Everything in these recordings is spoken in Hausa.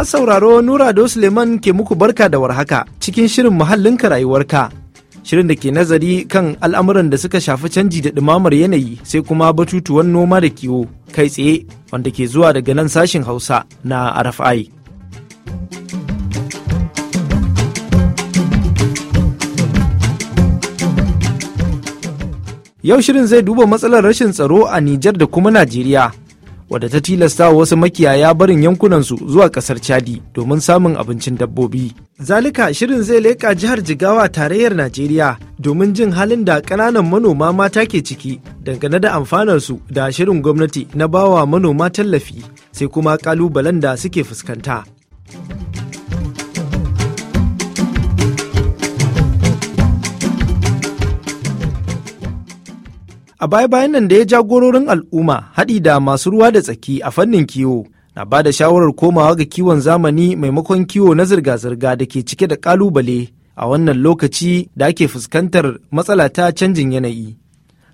Masu sauraro Nurado Suleiman ke muku barka da warhaka cikin shirin muhallin rayuwarka. Shirin da ke nazari kan al'amuran da suka shafi canji da ɗumamar yanayi sai kuma batutuwan noma da kiwo kai tsaye wanda ke zuwa daga nan sashin Hausa na RFI. Yau shirin zai duba matsalar rashin tsaro a Nijar da kuma Najeriya. wadda ta tilasta wasu makiyaya barin yankunansu zuwa kasar chadi domin samun abincin dabbobi zalika shirin zai leƙa jihar jigawa tarayyar najeriya domin jin halin da ƙananan manoma mata ke ciki dangane da amfanarsu da shirin gwamnati na bawa manoma tallafi sai kuma ƙalubalen da suke fuskanta A baya-bayan nan da ya jagororin al'umma haɗi da masu ruwa da tsaki a fannin kiwo na ba da shawarar komawa ga kiwon zamani maimakon kiwo na zirga-zirga da ke cike da ƙalubale a wannan lokaci da ake fuskantar matsala ta canjin yanayi.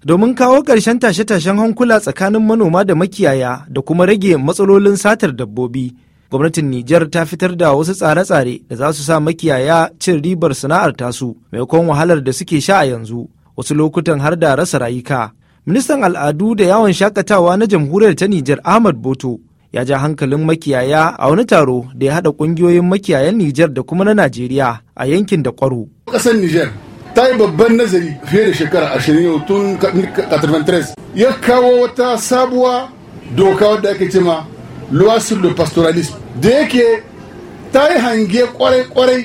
Domin kawo ƙarshen tashe-tashen hankula tsakanin manoma da makiyaya da kuma rage matsalolin satar dabbobi, gwamnatin Nijar ta fitar da wasu tsare-tsare da za su sa makiyaya cin ribar sana'ar tasu maimakon wahalar da suke sha a yanzu. wasu lokutan har da rasa rayuka. Ministan al'adu da yawon shakatawa na jamhuriyar ta Nijar Ahmad Boto ya ja hankalin makiyaya a wani taro da ya haɗa ƙungiyoyin makiyayan Nijar da kuma na Najeriya a yankin da kwaro. Ƙasar Nijar ta yi babban nazari fiye da shekara ashirin yau tun 1993 ya kawo wata sabuwa doka wadda ake cema loi sur le da yake ta yi hange kwarai-kwarai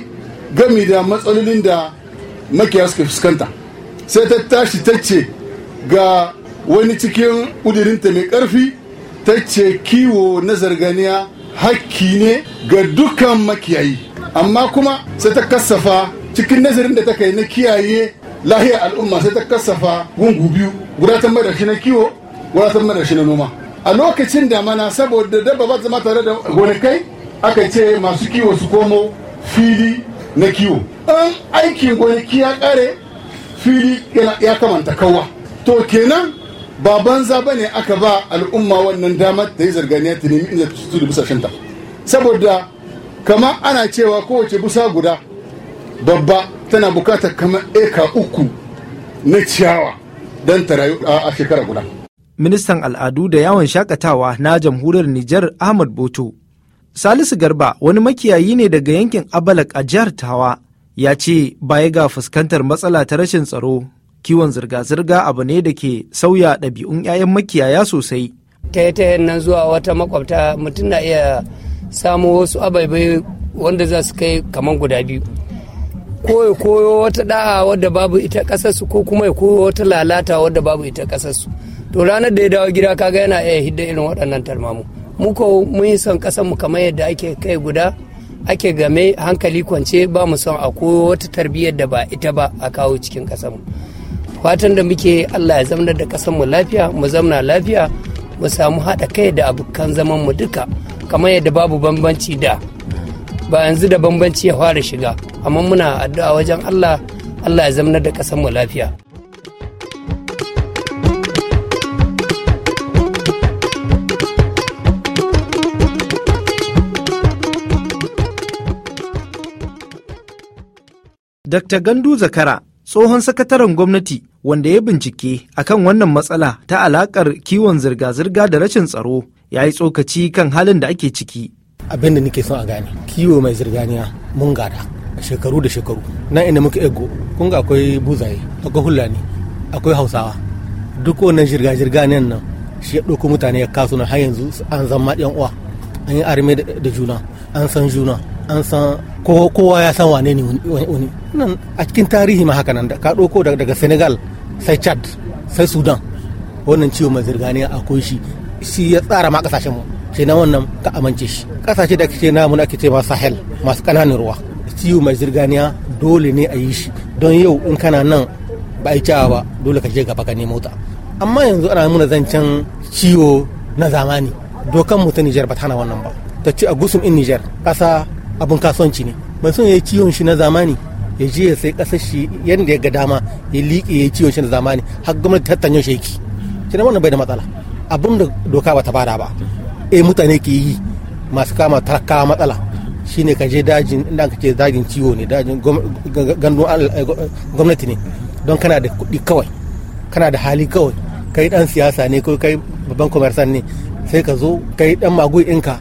gami da matsalolin da makiyaya suka fuskanta. sai ta tashi ta ce ga wani cikin ƙudurinta mai ƙarfi ta ce kiwo na zarganiya hakki ne ga dukkan makiyayi amma kuma sai ta kasafa cikin nazarin da ta kai na kiyaye lahiyar al'umma sai ta kasafa gungu biyu guratan na kiwo guratan na noma a lokacin damana saboda dabba ba zama tare da gonakai aka ce masu kiwo su komo fili na kiwo in aikin gonaki ya kare fili ya kamanta kowa to kenan ba banza ba ne aka ba al'umma wannan damar ta yi zarganiya ta nemi inda su da busashen ta saboda kama ana cewa kowace busa guda babba tana bukatar kama eka uku na ciyawa don ta rayu a shekara guda ministan al'adu da yawon shakatawa na jamhuriyar nijar ahmad boto salisu garba wani makiyayi ne daga yankin abalak a jihar tawa ya ce baya ga fuskantar matsala ta rashin tsaro kiwon zirga-zirga abu ne da ke sauya ɗabi'un 'ya'yan makiyaya sosai ta yi ta nan zuwa wata makwabta mutum na iya samo wasu ababai wanda za su kai kamar guda biyu koyo koyo wata da'a wadda babu ita kasarsu ko kuma ya koyo wata lalata wadda babu ita kasarsu to ranar da ya dawo gida kaga yana iya hidda irin waɗannan tarmamu mu ko mun yi son kasar mu kamar yadda ake kai guda ake game hankali kwance ba mu son a koyo wata tarbiyyar da ba ita ba a kawo cikin ƙasarmu fatan da muke allah ya zamna da ƙasarmu lafiya mu zamna lafiya mu samu haɗa kai da abokan zaman mu duka kamar yadda babu bambanci da ba yanzu da bambanci ya fara shiga amma muna addu'a wajen allah allah ya zamna da ƙasarmu lafiya Dr. Gandu Zakara tsohon sakataren gwamnati wanda ya bincike akan wannan matsala ta alakar kiwon zirga-zirga da rashin tsaro ya yi tsokaci kan halin da ake ciki. Abin da nake son a gane kiwo mai zirganiya mun gada shekaru da shekaru na inda muka ego kun ga akwai buzaye akwai hulani akwai hausawa duk wannan zirga-zirga nan nan shi ya ɗauko mutane ya kasu na har yanzu an zama ɗan uwa an yi arme da juna an san juna an san kowa ya san wane ne wani nan a cikin tarihi ma haka nan da ka ɗauko daga senegal sai chad sai sudan wannan ciwo mai zirganiya akwai shi shi ya tsara ma kasashen mu sai na wannan ka amince shi kasashe da kake namu ake ce ma sahel masu kananan ruwa ciwo mai zirganiya dole ne a yi shi don yau in kana nan ba a yi ba dole ka je gaba ka nemo ta amma yanzu ana muna zancen ciwo na zamani dokan mu ta Nijar ba ta hana wannan ba ta ce a gusun in Nijar kasa. abun kasuwanci ne ban son ya yi ciwon shi na zamani ya je ya sai kasar shi yadda ya ga dama ya liƙe ya yi ciwon shi na zamani har gwamnati ta tanyo shi yake kina wannan bai da matsala abin da doka ba ta bada ba e mutane ke yi masu kama talakawa matsala shine ka je dajin inda ka ce dajin ciwo ne dajin gandun eh, gwamnati ne don kana da kuɗi kawai kana da hali kawai kai dan siyasa ne ko kai babban kwamarsan ne sai ka zo kai dan magui ɗinka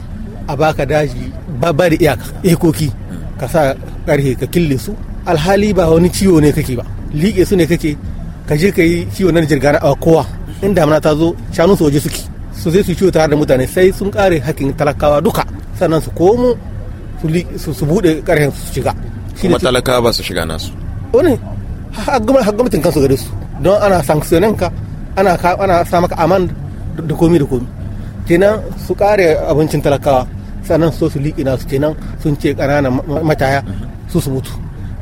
a baka daji ba da iyaka ikoki ka sa karhe ka kille su alhali ba wani ciwo ne kake ba liƙe su ne kake ka je ka yi ciwo nan jirga a kowa in damana ta zo shanu su waje suke su zai su ciwo tare da mutane sai sun kare hakkin talakawa duka sannan su komo su buɗe karhen su shiga kuma talakawa ba su shiga nasu wani haggamatin kansu gare su don ana sanksiyonin ka ana sa maka aman da komi da komi kenan su kare abincin talakawa sannan so su liƙi nasu kenan sun ce ƙananan mataya su su mutu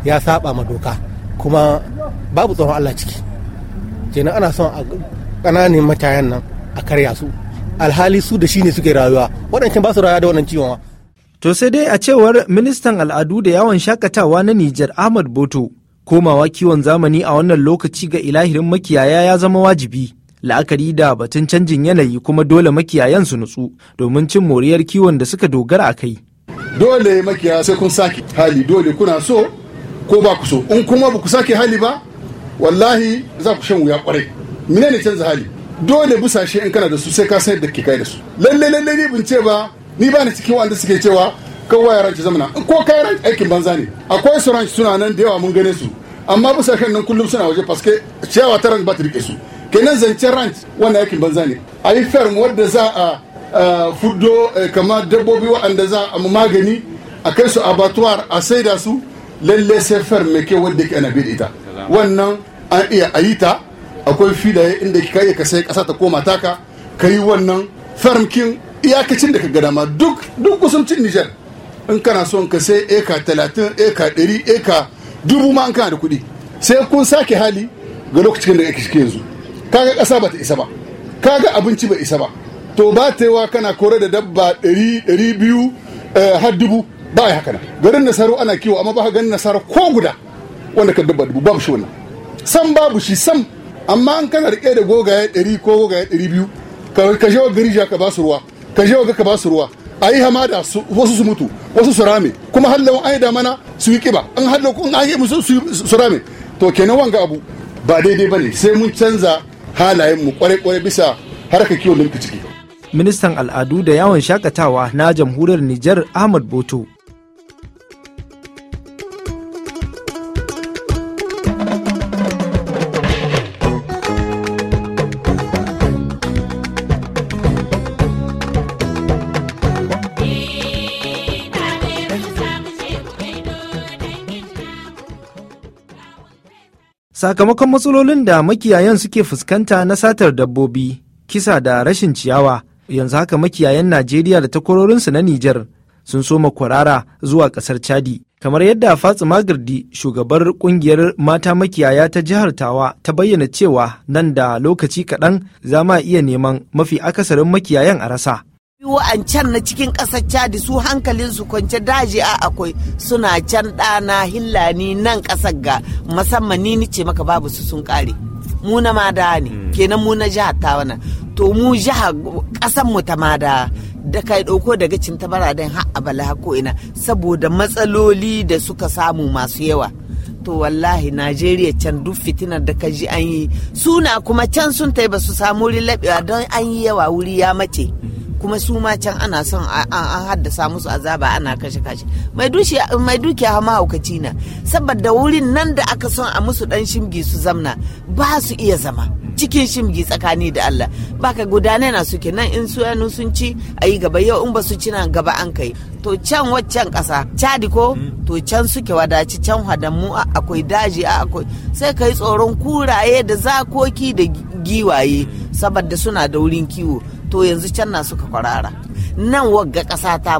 ya saba ma doka kuma babu tsoron Allah ciki kenan ana son a ƙananan matayan nan a karya su alhali su da shi ne suke rayuwa waɗancan ba su rayuwa da wannan ciwon to sai dai a cewar ministan al'adu da yawon shakatawa na Nijar Ahmad Boto komawa kiwon zamani a wannan lokaci ga ilahirin makiyaya ya zama wajibi la'akari da batun canjin yanayi kuma dole makiyayan su nutsu domin cin moriyar kiwon da suka dogara a kai dole makiya sai kun sake hali dole kuna so ko ba ku so in kuma ba ku sake hali ba wallahi za ku shan wuya kwarai mine ne canza hali dole busashe in kana da su sai ka san yadda ke kai da su lalle lalle ni bin ce ba ni ba ni cikin wanda suke cewa kawai ya ranci zamana ko kai yaran aikin banza ne akwai su suna nan da yawa mun gane su amma busashen nan kullum suna waje paske ciyawa ran ba ta rike su kenan zancen rant wannan yakin banza ne a yi ferm wadda za a fuddo eh, kama dabbobi waɗanda za a magani a kai su abatuwar a saida su lalle sai ferm mai kyau wadda ke ana da ita wannan an iya a yi ta akwai filaye inda ka iya ka sai a ta koma taka ka yi wannan ferm kin iyakacin da ka gada ma duk duk nijar in kana son ka sai eka talatin eka ɗari eka dubu ma an kana da kuɗi sai kun sake hali ga lokacin da kake yanzu kaga ƙasa ba ta isa ba kaga abinci ba isa ba to ba ta wa kana kore da dabba ɗari biyu eh, har dubu ba ya haka garin nasaru ana kiwo amma ba ganin nasara ko guda wanda ka dabba dubu babu shi wannan san babu shi sam amma an kana rike da gogaye ɗari ko gogaye ɗari biyu ka je wa garija ka ba su ruwa ka je wa ka ba su ruwa a yi hamada wasu su mutu wasu su rame kuma hallo an yi damana su yi kiba an hallo an yi musu su rame to kenan wanga abu ba daidai bane sai mun canza halayen mu kwarai-kwarai bisa harkar kiwon da muke ciki ministan al'adu da yawon shakatawa na jamhuriyar Nijar Ahmad Boto sakamakon matsalolin da makiyayan suke fuskanta na satar dabbobi kisa da rashin ciyawa yanzu haka makiyayan najeriya da takwarorinsu na nijar sun soma kwarara zuwa kasar chadi kamar yadda fatima girdi shugabar kungiyar mata makiyaya ta jihar tawa ta bayyana cewa nan da lokaci kaɗan za ma iya neman mafi akasarin makiyayan a rasa can na cikin ƙasar cadi su hankalin su kwance daji a akwai suna can ɗana hillani nan ƙasar ga musamman ni ce maka babu su sun ƙare mu na mada ne hmm. kenan mu na jihar ta wana to mu jihar ƙasar mu ta mada da kai ɗauko daga cin ta don har abala ko ina saboda matsaloli da suka samu masu yawa to wallahi najeriya can duk fitinar da ka ji an yi suna kuma can sun ta ba su samu rilaɓewa don an yi yawa wuri ya mace kuma su ma can ana son an haddasa musu azaba ana kashe kashe mai dukiya ma haukaci na saboda wurin nan da aka son a musu dan shimgi su zamna ba su iya zama cikin shimgi tsakani da Allah Ba baka gudanar na suke nan in su yanu sun ci a yi gaba yau in ba su ci nan gaba an kai to can waccan kasa cadi ko mm. to can suke wadaci can hadammu akwai daji akwai sai kai tsoron kuraye da zakoki da giwaye saboda suna da wurin kiwo to yanzu can na suka kwarara nan wagga ƙasa ta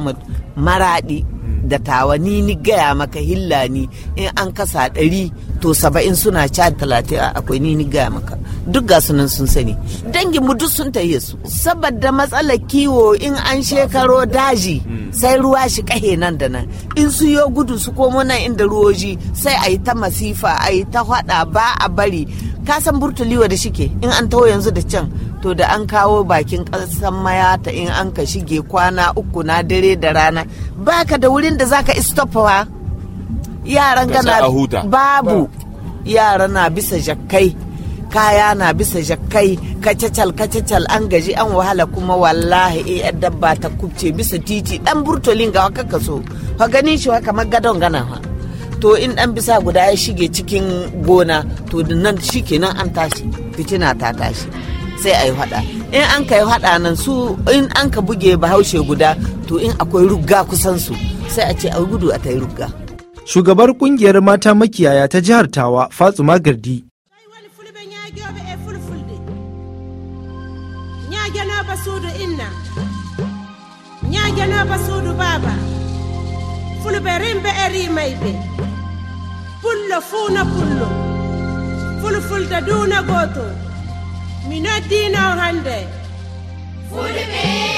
maraɗi da tawa ni ni gaya maka hilla ni in an kasa ɗari to saba'in suna ca talatin akwai ni ni gaya maka duk ga sun sani dangin mu duk sun taye su saboda matsalar kiwo in an shekaro daji sai ruwa shi kahe nan da nan in su yo gudu su komo nan inda ruwoji sai a yi ta masifa a yi ta hada ba a bari kasan san burtuliwa da shike in an taho yanzu da can to da an kawo bakin ƙasan mayata in an ka shige kwana uku na dare da rana baka da wurin da zaka istofawa yaran gana babu yara na bisa jakkai kaya na bisa jakkai kacacal kacacal an gaji an wahala kuma wallahi eh dabba ta kubce bisa titi dan burtolin ga haka kaso fa ganin shi haka magadon gana ha to in dan bisa guda ya shige cikin gona to nan shikenan an tashi fitina ta tashi sai a yi hada in an ka yi hada nan su in an ka buge bahaushe guda to in akwai rugga kusan su sai a ce a gudu a ta yi rugga shugabar kungiyar mata makiyaya ta jihar tawa fatsuma gardi eh, Fulfulda eh, duna goto. mina dinaw hande the ɓe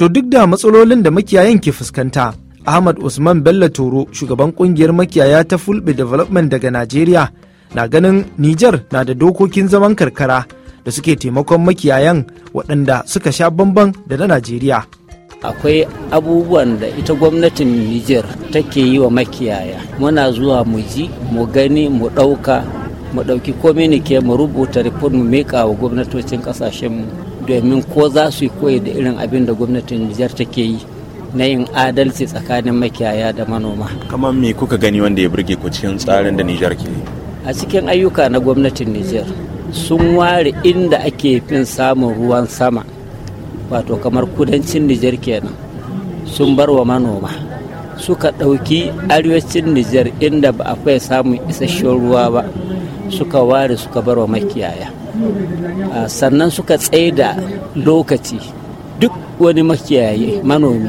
To duk da matsalolin da makiyayan ke fuskanta, Ahmad Usman Bello Toro, shugaban kungiyar makiyaya ta Fulbe Development daga Najeriya, na ganin Nijar na da dokokin zaman karkara da suke taimakon makiyayan waɗanda suka sha bamban da na Najeriya. akwai abubuwan da ita gwamnatin Nijar take yi wa makiyaya muna zuwa mu ji mu gani mu ɗauka mu ɗauki kominike mu rubuta report mu wa gwamnatocin ƙasashenmu domin ko za su yi koyi da irin abin da gwamnatin Nijar take yi na yin adalci tsakanin makiyaya da manoma. Kamar me kuka gani wanda ya burge ku cikin tsarin da Nijar ke yi? A cikin ayyuka na gwamnatin Nijar sun ware inda ake fin samun ruwan sama wato kamar kudancin Nijar kenan sun bar wa manoma. Suka ɗauki arewacin Nijar inda ba a samun isasshen ruwa ba suka ware suka bar wa makiyaya. Ah, sannan suka tsaida lokaci duk wani makiyaye manomi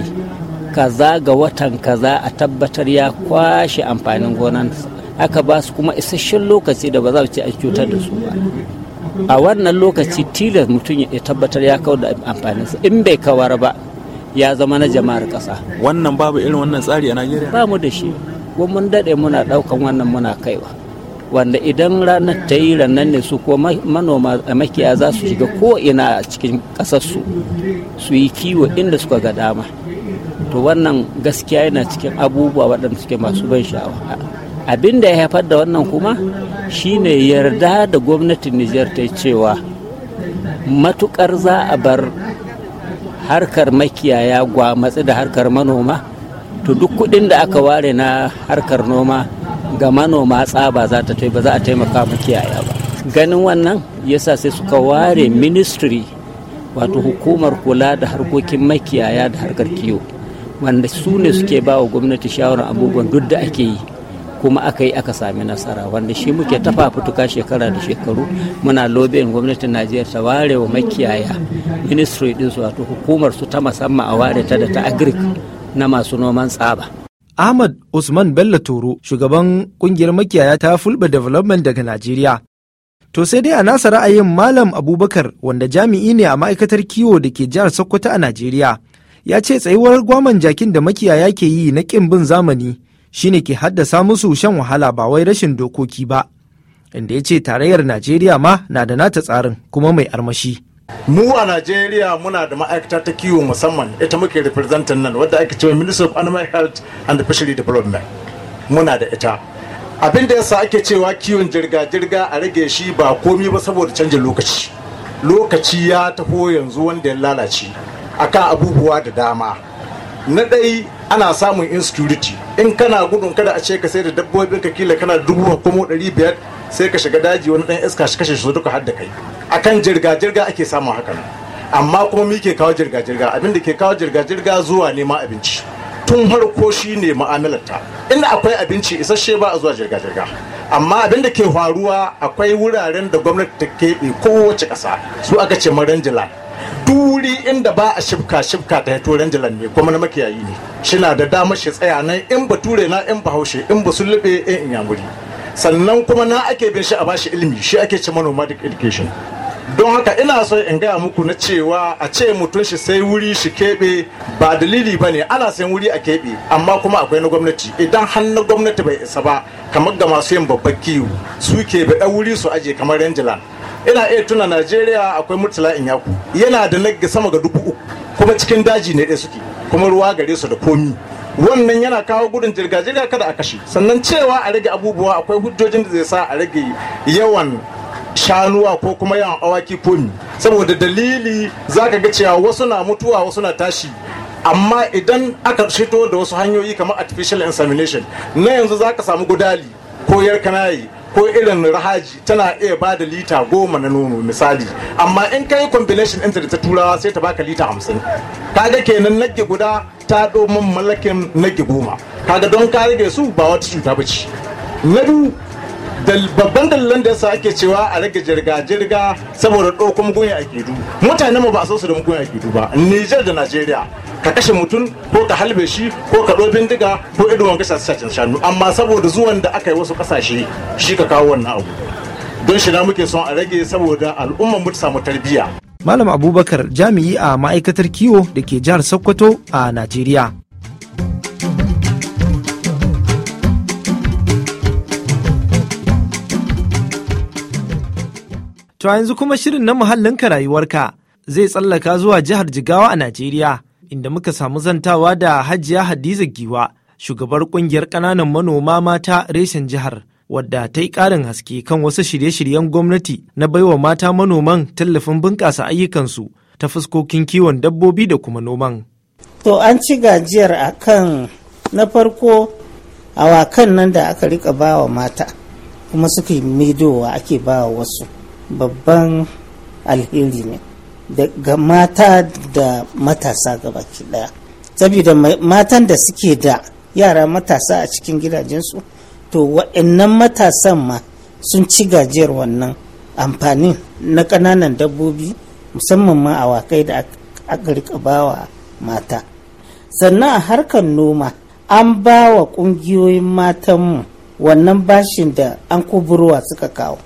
kaza ga watan kaza a tabbatar ya kwashe amfanin gonan aka ba su kuma isasshen lokaci da ba za ce an cutar da su ba a wannan lokaci tilas mutum ya tabbatar ya kawar da amfaninsa in bai kawar ba ya zama na jama'ar ƙasa wannan babu irin wannan tsari a najeriya ba mu da shi mun daɗe muna ɗaukan wannan muna kaiwa wanda idan ranar ta yi ranar ne su ko manoma a eh, makiya za su shiga ko ina a cikin ƙasarsu su yi kiwo inda suka ga dama to wannan gaskiya yana cikin abubuwa waɗanda suke masu ban sha'awa abin da ya haifar da wannan kuma shine yarda da gwamnatin nijar ta cewa matukar za a bar harkar makiyaya gwamatsi da harkar manoma to duk kuɗin da aka ware na harkar noma ga manoma tsaba za ta ba za a taimaka makiyaya ba ganin wannan yasa sai suka ware ministry wato hukumar kula da harkokin makiyaya da harkar kiwo wanda su ne suke ba wa gwamnati shawarar abubuwan duk da ake yi kuma aka yi aka sami nasara wanda shi muke tafa fituka shekara da shekaru muna lobin gwamnatin najeriya ta ware wa makiyaya ministry din su wato hukumar su ta musamman a ware ta da ta agric na masu noman tsaba Ahmad Usman Bello Toro, shugaban kungiyar makiyaya ta Fulba Development daga Najeriya. To sai dai a nasa ra'ayin Malam Abubakar wanda jami'i ne a ma'aikatar kiwo da ke jihar Sokoto a Najeriya. Ya ce tsayuwar gwaman jakin da makiyaya ke yi na ƙin bin zamani shine ke haddasa musu shan wahala ba wai rashin dokoki ba. Inda ya ce tarayyar Najeriya ma na da nata tsarin kuma mai armashi. mu a najeriya muna da ma'aikata ta kiwo musamman ita muke representan nan wadda ake cewa minister of animal health and fishery development muna da ita abin da yasa ake cewa kiwon jirga-jirga a rage shi ba komi ba saboda canjin lokaci lokaci ya taho yanzu wanda ya lalace akan abubuwa da dama na ɗai ana samun insecurity in kana gudun kada a ce ka sai da dabbobin ka kila kana dubu ko biyar sai ka shiga daji wani ɗan iska shi kashe su duka har da kai akan jirga-jirga ake samun hakan amma kuma mi ke kawo jirga-jirga abinda ke kawo jirga-jirga zuwa neman abinci tun harko shi ne ma'amilarta inda akwai abinci isasshe ba a zuwa jirga-jirga amma abinda ke faruwa akwai wuraren da gwamnati ta keɓe kowace ƙasa su aka ce maranjila duri inda ba a shifka shifka ta hito ranjilan ne kuma na makiyayi ne shina da damar shi tsaya nan in bature na in ba haushe in ba sulube in inyamuri sannan kuma na ake bin shi a bashi ilimi shi ake ce manoma education don haka ina so in gaya muku na cewa a ce mutum shi sai wuri shi keɓe ba dalili ba ne ana sayan wuri a keɓe amma kuma akwai na gwamnati idan har gwamnati bai isa ba kamar ga masu yin babban kiwo su ke da wuri su aje kamar ranjila ina iya tuna najeriya akwai murtala in yaku yana da nagge sama ga dubu uku kuma cikin daji ne ɗaya suke kuma ruwa gare su da komi wannan yana kawo gudun jirga-jirga kada a kashe sannan cewa a rage abubuwa akwai hujjojin da zai sa a rage yawan shanuwa ko kuma yawan awaki komi saboda dalili za ka ga cewa wasu na mutuwa wasu na tashi amma idan aka fito da wasu hanyoyi kamar artificial insemination na yanzu za ka samu gudali ko yarkanayi ko irin rahaji tana iya ba da lita goma na nono misali amma in kai combination ɗinta da ta turawa sai ta baka lita hamsin kaga kenan nage guda ta domin mallakin nage goma kaga don ka rage su ba wata cuta ba ce na biyu babban dalilan da yasa ake cewa a rage jirga-jirga saboda ɗaukar mugun kedu mutane mu ba a so su da a kedu ba Nijar da Najeriya ka kashe mutum ko ka halbe shi ko ka ɗo bindiga ko irin wanga sace shanu amma saboda zuwan da aka yi wasu ƙasashe shi ka kawo wannan abu don shi na muke son a rage saboda al'ummar mu ta samu tarbiyya Malam Abubakar jami'i a ma'aikatar kiwo da ke jihar Sokoto a Najeriya. To yanzu kuma shirin na muhallinka rayuwarka zai tsallaka zuwa jihar Jigawa a Najeriya inda muka samu zantawa da Hajiya Hadiza Giwa shugabar kungiyar ƙananan manoma mata reshen jihar wadda ta yi ƙarin haske kan wasu shirye-shiryen gwamnati na baiwa mata manoman tallafin bunƙasa ayyukansu ta fuskokin kiwon dabbobi da kuma noman. To an ci gajiyar a kan na farko awakan nan da aka rika bawa mata kuma suka yi ake bawa wasu. babban alheri ne ga mata da matasa gabaki daya saboda matan da suke da yara matasa a cikin gidajensu to waɗannan matasan ma sun ci gajiyar wannan amfanin na ƙananan dabbobi musamman ma a awakai da aka rika bawa mata sannan a harkar noma an ba wa ƙungiyoyin matanmu wannan bashin da an kuburwa suka kawo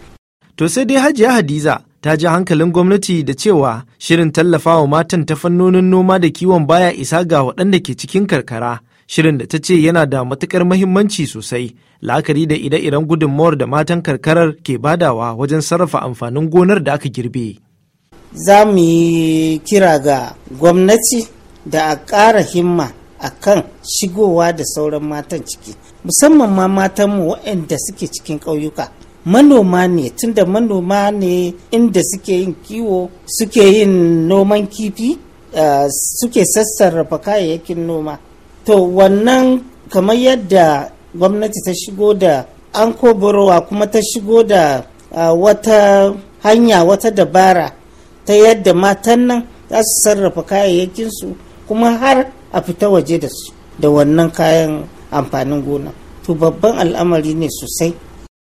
To sai dai Hajiya Hadiza ta ji hankalin gwamnati da cewa shirin tallafawa matan ta fannonin noma da kiwon baya isa ga waɗanda ke cikin karkara. Shirin da ta ce yana da matuƙar mahimmanci sosai, la'akari da ire-iren gudunmawar da matan karkarar ke badawa wajen sarrafa amfanin gonar da aka girbe. Za mu yi kira ga gwamnati da a ƙara himma a kan shigowa da sauran matan ciki, musamman ma matanmu waɗanda suke cikin ƙauyuka. manoma ne tunda manoma ne inda suke yin kiwo suke yin noman kifi uh, suke sassarrafa kayayyakin noma to wannan kamar yadda gwamnati ta shigo da an koborowa kuma ta shigo da uh, wata hanya wata dabara ta yadda matan nan za su sarrafa kayayyakinsu kuma har a fita waje da su da wannan kayan amfanin gona to babban al'amari ne sosai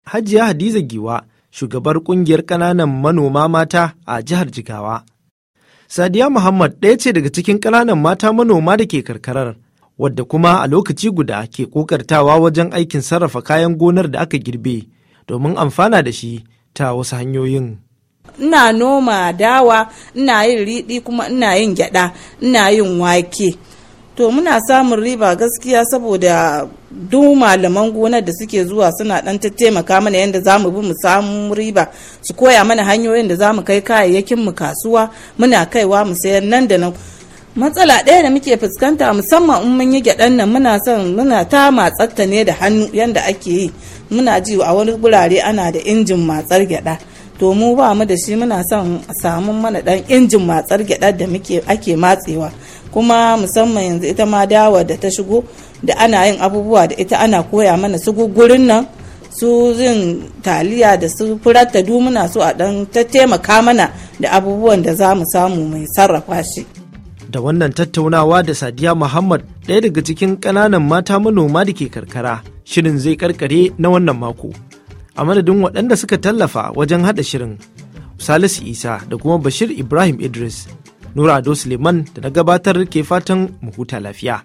Hajiya Hadiza Giwa, shugabar kungiyar ƙananan manoma mata a jihar Jigawa. Sadiya Muhammad ɗaya ce daga cikin ƙananan mata manoma da ke karkarar, wadda kuma a lokaci guda ke ƙoƙartawa wajen aikin sarrafa kayan gonar da aka girbe domin amfana da shi ta wasu hanyoyin. Ina noma dawa, ina yin riɗi kuma ina yin gyaɗa, ina yin wake. to muna samun riba gaskiya saboda duk malaman gonar da suke zuwa suna dan taimaka mana yadda za mu bi mu samu riba su koya mana hanyoyin da za mu kai kayayyakin mu kasuwa muna kaiwa mu sayar nan da nan matsala ɗaya da muke fuskanta musamman in mun yi gyaɗan nan muna son muna ta matsatta ne da hannu yadda ake yi muna ji a wani gurare ana da injin matsar gyaɗa to mu ba mu da shi muna son a samu mana ɗan injin matsar gyaɗa da muke ake matsewa kuma musamman yanzu ita ma dawa da ta shigo da ana yin abubuwa da ita ana koya mana su gugurin nan su zin taliya da su furar ta dumuna su a dan ta taimaka mana da abubuwan da za mu samu mai sarrafa shi da wannan tattaunawa da sadiya muhammad ɗaya daga cikin ƙananan mata manoma da ke karkara shirin zai karkare na wannan mako a madadin waɗanda suka tallafa wajen haɗa shirin salisu isa da kuma bashir ibrahim idris Nura Ado Suleiman da na gabatar ke fatan mu huta lafiya.